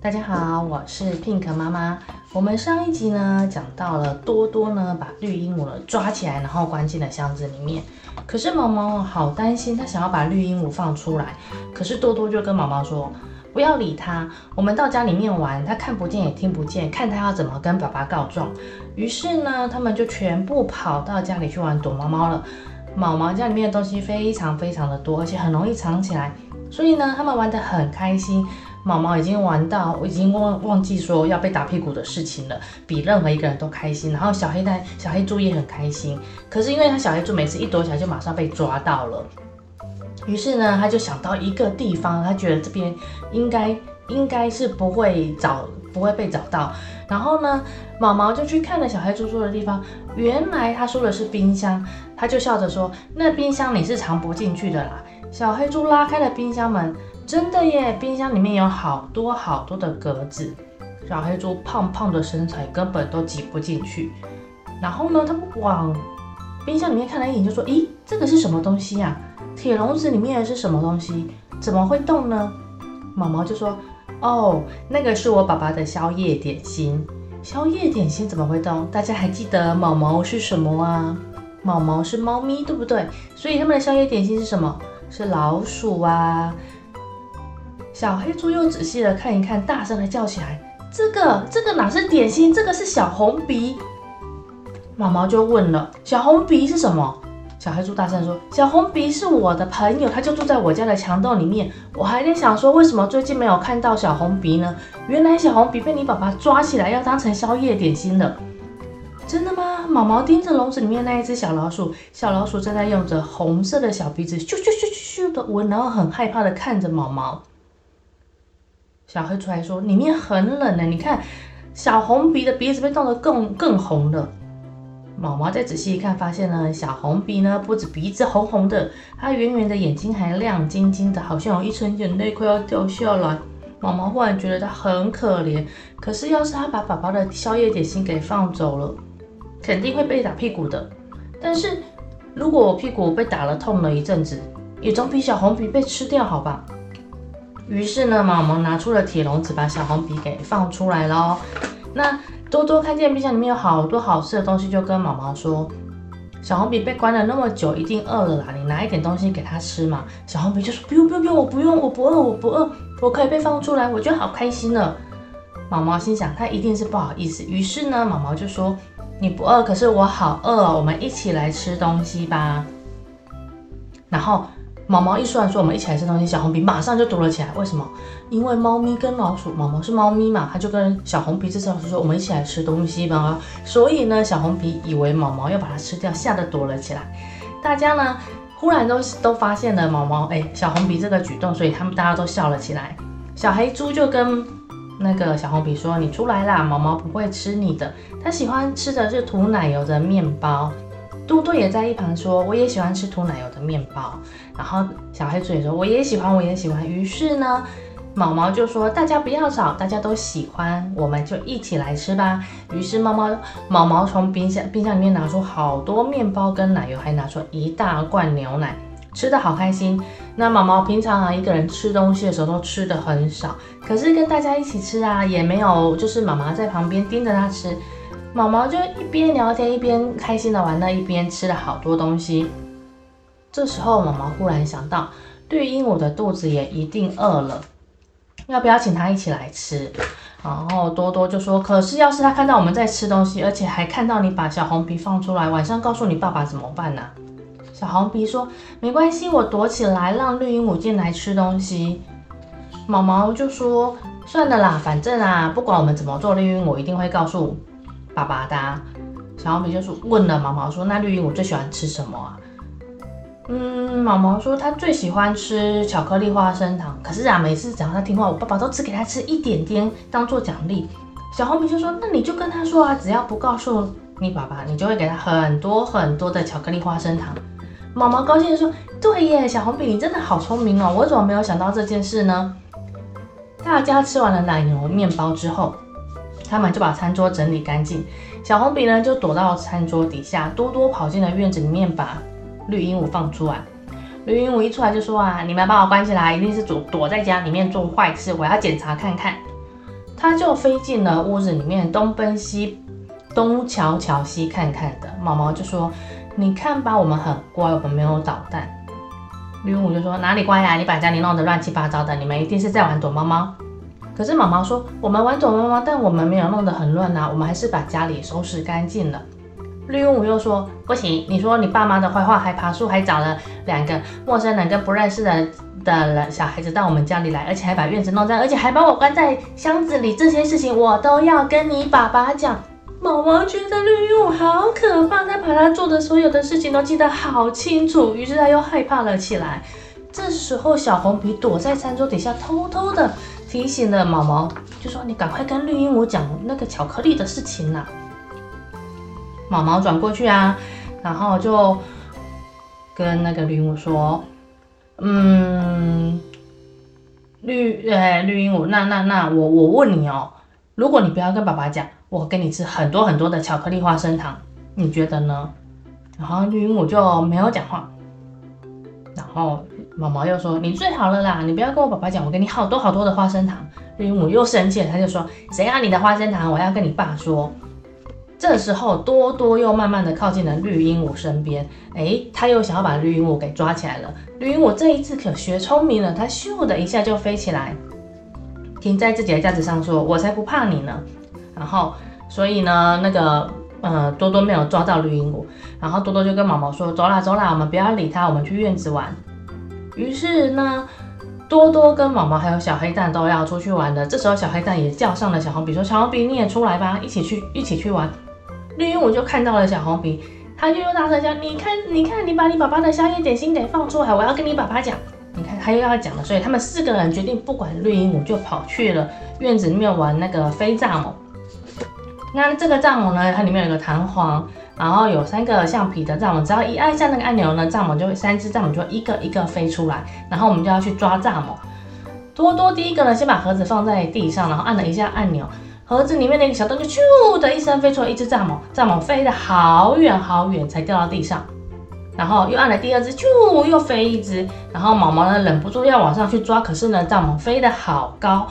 大家好，我是 Pink 媽媽。我們上一集呢，講到了多多呢把綠鸚鵡抓起來，然後關進了箱子裡面。可是毛毛好擔心，他想要把綠鸚鵡放出來。可是多多就跟毛毛說。不要理他，我們到家裡面玩，他看不見也聽不見，看他要怎麼跟爸爸告狀。於是呢，他們就全部跑到家裡去玩躲貓貓了。毛毛家裡面的東西非常非常的多，而且很容易藏起來，所以呢，他們玩得很開心。毛毛已經玩到我已經忘忘記說要被打屁股的事情了，比任何一個人都開心。然後小黑蛋、小黑豬也很開心，可是因為他小黑豬每次一躲起來就馬上被抓到了。於是呢，他就想到一個地方，他覺得這邊應該應該是不會找不會被找到。然後呢，毛毛就去看了小黑豬住的地方。原來他說的是冰箱，他就笑着說：“那冰箱你是藏不進去的啦。”小黑豬拉開了冰箱門，真的耶，冰箱裡面有好多好多的格子，小黑豬胖胖的身材根本都擠不進去。然後呢，他們往冰箱裡面看了一眼，就說：“咦，這個是什麼東西呀？”鐵籠子裡面的是什麼東西？怎麼會動呢？毛毛就說：“哦，那個是我爸爸的宵夜點心。宵夜點心怎麼會動？大家還記得毛毛是什麼啊？毛毛是貓咪，對不對？所以他們的宵夜點心是什麼？是老鼠啊！小黑豬又仔細的看一看，大聲的叫起來，這個，這個哪是點心？這個是小紅鼻！毛毛就問了，小紅鼻是什麼？”小黑豬大聲說：“小紅鼻是我的朋友，它就住在我家的牆洞裡面。”我還在想說，為什麼最近沒有看到小紅鼻呢？原來小紅鼻被你爸爸抓起來，要當成宵夜點心了。真的嗎？毛毛盯着籠子裡面那一隻小老鼠，小老鼠正在用着紅色的小鼻子咻咻咻咻咻的聞，然後很害怕的看着毛毛。小黑豬還說：“裡面很冷呢、欸，你看，小紅鼻的鼻子被凍得更更紅了。”毛毛再仔細一看，發現呢小紅鼻呢，不止鼻子紅紅的，它圓圓的眼睛還亮晶晶的，好像有一層眼淚快要掉下來。毛毛忽然覺得它很可憐，可是要是它把寶寶的宵夜點心給放走了，肯定會被打屁股的。但是如果我屁股被打了痛了一陣子，也總比小紅鼻被吃掉好吧？於是呢，毛毛拿出了鐵籠子，把小紅鼻給放出來嘍。那。多多看見冰箱裡面有好多好吃的東西，就跟毛毛說：“小紅鼻被關了那麼久，一定餓了啦，你拿一點東西給它吃嘛。”小紅鼻就說：“不用，不用不用，我不用，我不餓，我不餓，我可以被放出來，我就好開心了。”毛毛心想他一定是不好意思，於是呢，毛毛就說：“你不餓，可是我好餓哦，我們一起來吃東西吧。”然後。毛毛一說完，說，我們一起來吃東西，小紅鼻馬上就躲了起來。為什麼？因為貓咪跟老鼠，毛毛是貓咪嘛，他就跟小紅鼻這只老鼠說，我們一起來吃東西吧。所以呢，小紅鼻以為毛毛要把它吃掉，嚇得躲了起來。大家呢忽然都都發現了毛毛哎、欸、小紅鼻這個舉動，所以他們大家都笑了起來。小黑豬就跟那個小紅鼻說，你出來啦，毛毛不會吃你的，它喜歡吃的是塗奶油的麵包。嘟嘟也在一旁說：“我也喜歡吃塗奶油的麵包。”然後小黑豬也說：“我也喜歡，我也喜歡。”於是呢，毛毛就說：“大家不要吵，大家都喜歡，我們就一起來吃吧。”於是毛毛，毛毛從冰箱冰箱裡面拿出好多麵包跟奶油，還拿出一大罐牛奶，吃的好開心。那毛毛平常啊一個人吃東西的時候都吃的很少，可是跟大家一起吃啊也沒有，就是媽媽在旁邊盯着他吃。毛毛就一邊聊天一邊開心地玩那一邊吃了好多東西。這時候毛毛忽然想到，綠鸚鵡的肚子也一定餓了，要不要請它一起來吃？然後多多就說：“可是要是它看到我們在吃東西，而且還看到你把小紅鼻放出來，晚上告訴你爸爸怎麼辦呢、啊？”小紅鼻說：“沒關係，我躲起來，讓綠鸚鵡進來吃東西。”毛毛就說：“算了啦，反正啊，不管我們怎麼做綠，綠鸚鵡一定會告訴。”爸爸的、啊，小紅鼻就是問了毛毛說：“那綠鸚鵡我最喜歡吃什麼、啊？”嗯，毛毛說他最喜歡吃巧克力花生糖。可是啊，每次只要他聽話，我爸爸都只給他吃一點點，當做獎勵。小紅鼻就說：“那你就跟他說啊，只要不告訴你爸爸，你就會給他很多很多的巧克力花生糖。”毛毛高興的說：“對耶，小紅鼻你真的好聰明哦，我怎麼沒有想到這件事呢？”大家吃完了奶油麵包之後。他們就把餐桌整理乾淨，小紅鼻呢就躲到餐桌底下，多多跑進了院子裡面，把綠鸚鵡放出來。綠鸚鵡一出來就說啊，你們把我關起來，一定是躲躲在家裡面做壞事，我要檢查看看。它就飛進了屋子裡面，東奔西東瞧瞧西看看的。毛毛就說，你看吧，我們很乖，我們沒有搗蛋。綠鸚鵡就說哪裡乖呀、啊，你把家裡弄得亂七八糟的，你們一定是在玩躲貓貓。可是毛毛說，我們玩躲貓貓，但我們沒有弄得很亂吶、啊，我們還是把家裡收拾乾淨了。綠鸚鵡又說，不行，你說你爸媽的壞話怕，還爬樹，還找了兩個陌生、兩個不認識的的人，小孩子到我們家裡來，而且還把院子弄髒，而且還把我關在箱子裡，這些事情我都要跟你爸爸講。毛毛覺得綠鸚鵡好可怕，他把他做的所有的事情都記得好清楚，於是他又害怕了起來。這時候小紅鼻躲在餐桌底下，偷偷的。提醒了毛毛，就說：“你趕快跟綠鸚鵡講那個巧克力的事情吶。”毛毛轉過去啊，然後就跟那個綠鸚鵡說：“嗯，綠誒、哎，綠鸚鵡，那那那，我我問你哦，如果你不要跟爸爸講，我給你吃很多很多的巧克力花生糖，你覺得呢？”然後綠鸚鵡就沒有講話，然後。毛毛又說：“你最好了啦，你不要跟我爸爸講，我給你好多好多的花生糖。”綠鸚鵡又生氣了，他就說：“誰要、啊、你的花生糖？我要跟你爸說。”這時候多多又慢慢的靠近了綠鸚鵡身邊，誒、欸，他又想要把綠鸚鵡給抓起來了。綠鸚鵡這一次可學聰明了，它咻的一下就飛起來，停在自己的架子上說：“我才不怕你呢。”然後所以呢，那個呃多多沒有抓到綠鸚鵡，然後多多就跟毛毛說：“走啦走啦，我們不要理他，我們去院子玩。”於是呢，多多跟毛毛還有小黑蛋都要出去玩的。這時候，小黑蛋也叫上了小紅鼻，說：“小紅鼻，你也出來吧，一起去，一起去玩。”綠鸚鵡就看到了小紅鼻，它就又大聲叫：“你看，你看，你把你爸爸的宵夜點心給放出來，我要跟你爸爸講。”你看，它又要講了。所以他們四個人決定，不管綠鸚鵡，就跑去了院子裡面玩那個飛蚱蜢。那這個蚱蜢呢，它裡面有一個彈簧。然後有三個橡皮的蚱蜢，只要一按下那個按鈕呢，蚱蜢就會，三隻蚱蜢就會一個一個飛出來，然後我們就要去抓蚱蜢。多多第一個呢，先把盒子放在地上，然後按了一下按鈕，盒子裡面那個小洞就咻的一聲飛出來一隻蚱蜢，蚱蜢飛得好遠好遠才掉到地上，然後又按了第二隻，咻，又飛一隻，然後毛毛呢忍不住要往上去抓，可是呢蚱蜢飛得好高，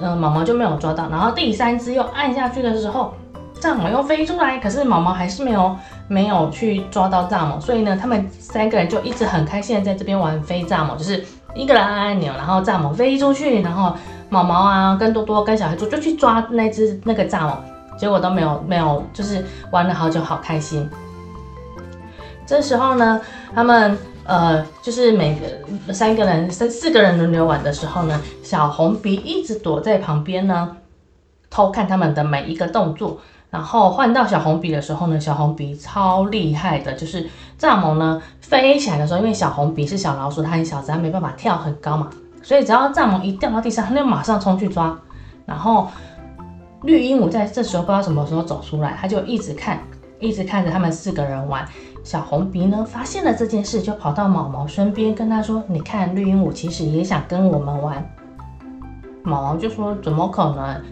嗯、呃、毛毛就沒有抓到，然後第三隻又按下去的時候，蚱蜢又飛出來，可是毛毛還是沒有沒有去抓到蚱蜢，所以呢，他們三個人就一直很開心的在這邊玩飛蚱蜢，就是一個人按按鈕，然後蚱蜢飛出去，然後毛毛啊跟多多跟小黑豬就去抓那隻那個蚱蜢，結果都沒有沒有，就是玩了好久，好開心。這時候呢，他們呃就是每個三個人、三四個人輪流玩的時候呢，小紅鼻一直躲在旁邊呢，偷看他們的每一個動作。然後換到小紅鼻的時候呢，小紅鼻超厲害的，就是蚱蜢呢飛起來的時候，因為小紅鼻是小老鼠，它很小隻，它沒辦法跳很高嘛，所以只要蚱蜢一掉到地上，它就馬上衝去抓。然後綠鸚鵡在這時候不知道什麼時候走出來，它就一直看，一直看着他們四個人玩。小紅鼻呢發現了這件事，就跑到毛毛身邊跟他說：“你看，綠鸚鵡其實也想跟我們玩。”毛毛就說：“怎麼可能？”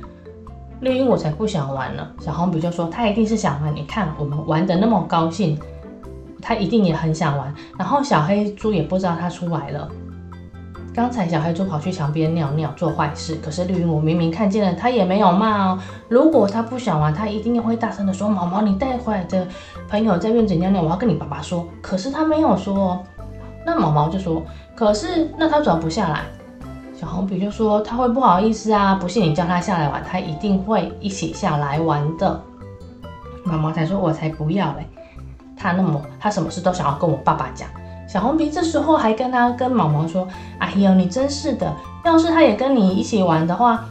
綠鸚鵡，我才不想玩呢。小紅鼻就說，他一定是想玩。你看，我們玩的那麼高興，他一定也很想玩。然後小黑豬也不知道他出來了。剛才小黑豬跑去牆邊尿尿做壞事，可是綠鸚鵡我明明看見了，他也沒有罵哦、喔。如果他不想玩，他一定會大聲的說：“毛毛，你帶回來的朋友在院子尿尿，我要跟你爸爸說。”可是他沒有說、喔。哦，那毛毛就說：“可是，那他轉不下來。”小紅鼻就說，他會不好意思啊，不信你叫他下來玩，他一定會一起下來玩的。毛毛才說，我才不要嘞，他那麼他什麼事都想要跟我爸爸講。小紅鼻這時候還跟他跟毛毛說，哎呀，你真是的，要是他也跟你一起玩的話，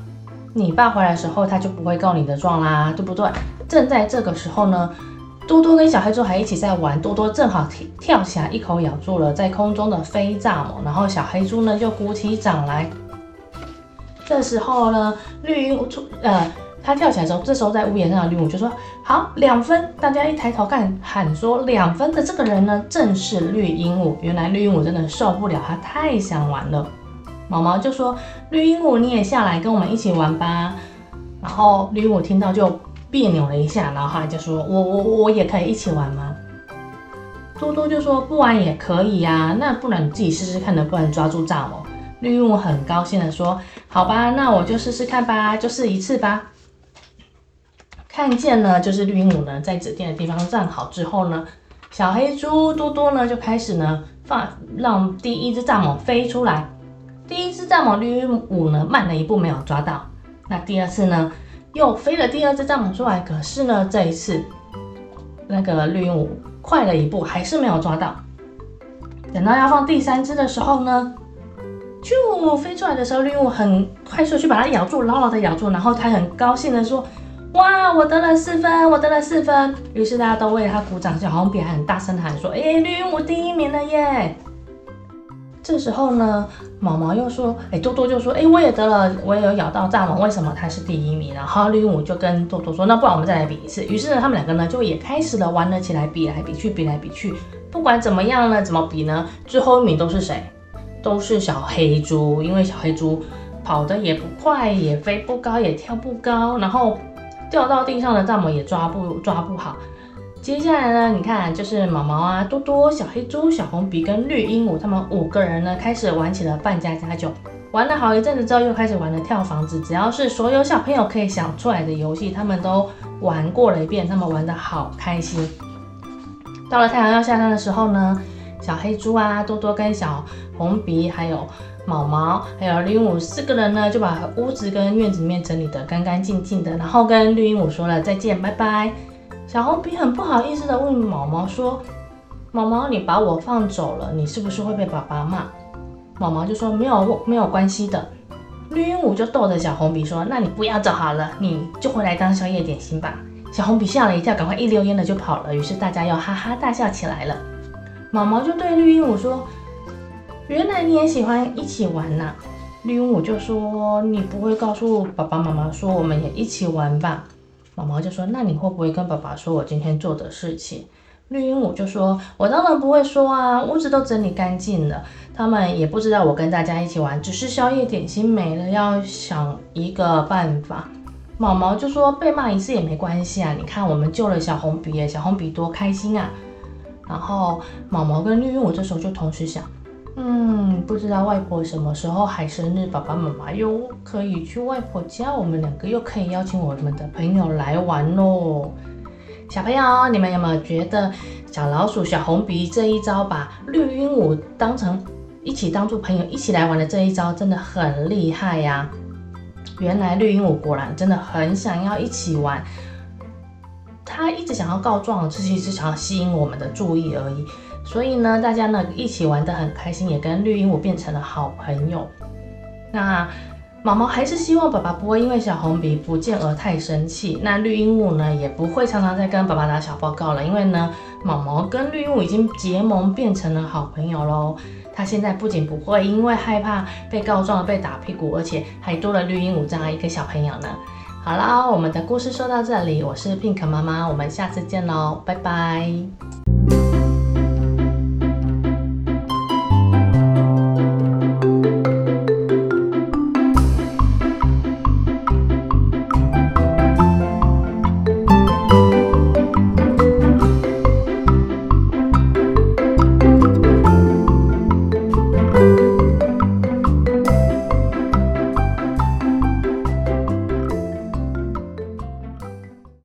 你爸回來的時候他就不會告你的狀啦，對不對？正在這個時候呢。多多跟小黑豬還一起在玩，多多正好跳跳起來，一口咬住了在空中的飛蚱蜢，然後小黑豬呢就鼓起掌來。這時候呢，綠鸚鵡出，呃，它跳起來的時候，這時候在屋檐上的綠鸚鵡就說：“好，兩分！”大家一抬頭看，喊說“兩分”的這個人呢，正是綠鸚鵡。原來綠鸚鵡真的受不了，它太想玩了。毛毛就說：“綠鸚鵡，你也下來跟我們一起玩吧。”然後綠鸚鵡聽到就。彆扭了一下，然後他就說：“我我我也可以一起玩嗎？”多多就說：“不玩也可以呀、啊，那不然你自己試試看能不能抓住蚱蜢。”綠鸚鵡很高興的說：“好吧，那我就試試看吧，就試一次吧。”看見呢，就是綠鸚鵡呢在指定的地方站好之後呢，小黑豬多多呢就開始呢放，讓第一隻蚱蜢飛出來。第一隻蚱蜢綠鸚鵡呢慢了一步沒有抓到，那第二次呢？又飛了第二隻蟑螂出來，可是呢，這一次那個綠鸚鵡快了一步，還是沒有抓到。等到要放第三隻的時候呢，咻，飛出來的時候，綠鸚鵡很快速去把它咬住，牢牢的咬住，然後它很高興的說：“哇，我得了四分，我得了四分。”於是大家都為它鼓掌，小紅鼻還很大聲喊說：“哎，綠鸚鵡第一名了耶！”這時候呢，毛毛又說：“哎，多多就說：哎，我也得了，我也有咬到蚱蜢，為什麼它是第一名？”然後綠鸚鵡就跟多多說：“那不然我們再來比一次。”於是呢，他們兩個呢就也開始了玩了起來，比來比去，比來比去，不管怎麼樣呢，怎麼比呢？最後一名都是誰？都是小黑豬，因為小黑豬跑得也不快，也飛不高，也跳不高，然後掉到地上的蚱蜢也抓不抓不好。接下來呢，你看就是毛毛啊、多多、小黑豬、小紅鼻跟綠鸚鵡，他們五個人呢開始玩起了扮家家酒，玩了好一陣子之後又開始玩了跳房子。只要是所有小朋友可以想出來的遊戲，他們都玩過了一遍，他們玩得好開心。到了太陽要下山的時候呢，小黑豬啊、多多跟小紅鼻還有毛毛還有綠鸚鵡四個人呢就把屋子跟院子裡面整理得乾乾淨淨的，然後跟綠鸚鵡說了再見，拜拜。小紅筆很不好意思的問毛毛說：“毛毛，你把我放走了，你是不是會被爸爸罵？”毛毛就說：“沒有，沒有關係的。”綠鸚鵡就逗着小紅鼻說：“那你不要走好了，你就回來當宵夜點心吧。”小紅鼻嚇了一跳，趕快一溜煙的就跑了。於是大家又哈哈大笑起來了。毛毛就對綠鸚鵡說：“原來你也喜歡一起玩吶、啊。”綠鸚鵡就說：“你不會告訴爸爸媽媽說我們也一起玩吧？”毛毛就說：“那你會不會跟爸爸說我今天做的事情？”綠鸚鵡就說：“我當然不會說啊，屋子都整理乾淨了，他們也不知道我跟大家一起玩，只是宵夜點心沒了，要想一個辦法。”毛毛就說：“被罵一次也沒關係啊，你看我們救了小紅鼻、欸，小紅鼻多開心啊！”然後毛毛跟綠鸚鵡這時候就同時想。嗯，不知道外婆什麼時候還生日，爸爸媽媽又可以去外婆家，我們兩個又可以邀請我們的朋友來玩嘍。小朋友，你們有沒有覺得小老鼠小紅鼻這一招把綠鸚鵡當成一起當做朋友一起來玩的這一招真的很厲害呀？原來綠鸚鵡果然真的很想要一起玩，它一直想要告狀，其實是想要吸引我們的注意而已。所以呢，大家呢一起玩得很開心，也跟綠鸚鵡變成了好朋友。那毛毛還是希望爸爸不會因為小紅鼻不見而太生氣。那綠鸚鵡呢，也不會常常在跟爸爸打小報告了，因為呢，毛毛跟綠鸚鵡已經結盟變成了好朋友嘍。他現在不僅不會因為害怕被告狀而被打屁股，而且還多了綠鸚鵡這樣一個小朋友呢。好啦，我們的故事說到這裡，我是 Pink 媽媽，我們下次見嘍，拜拜。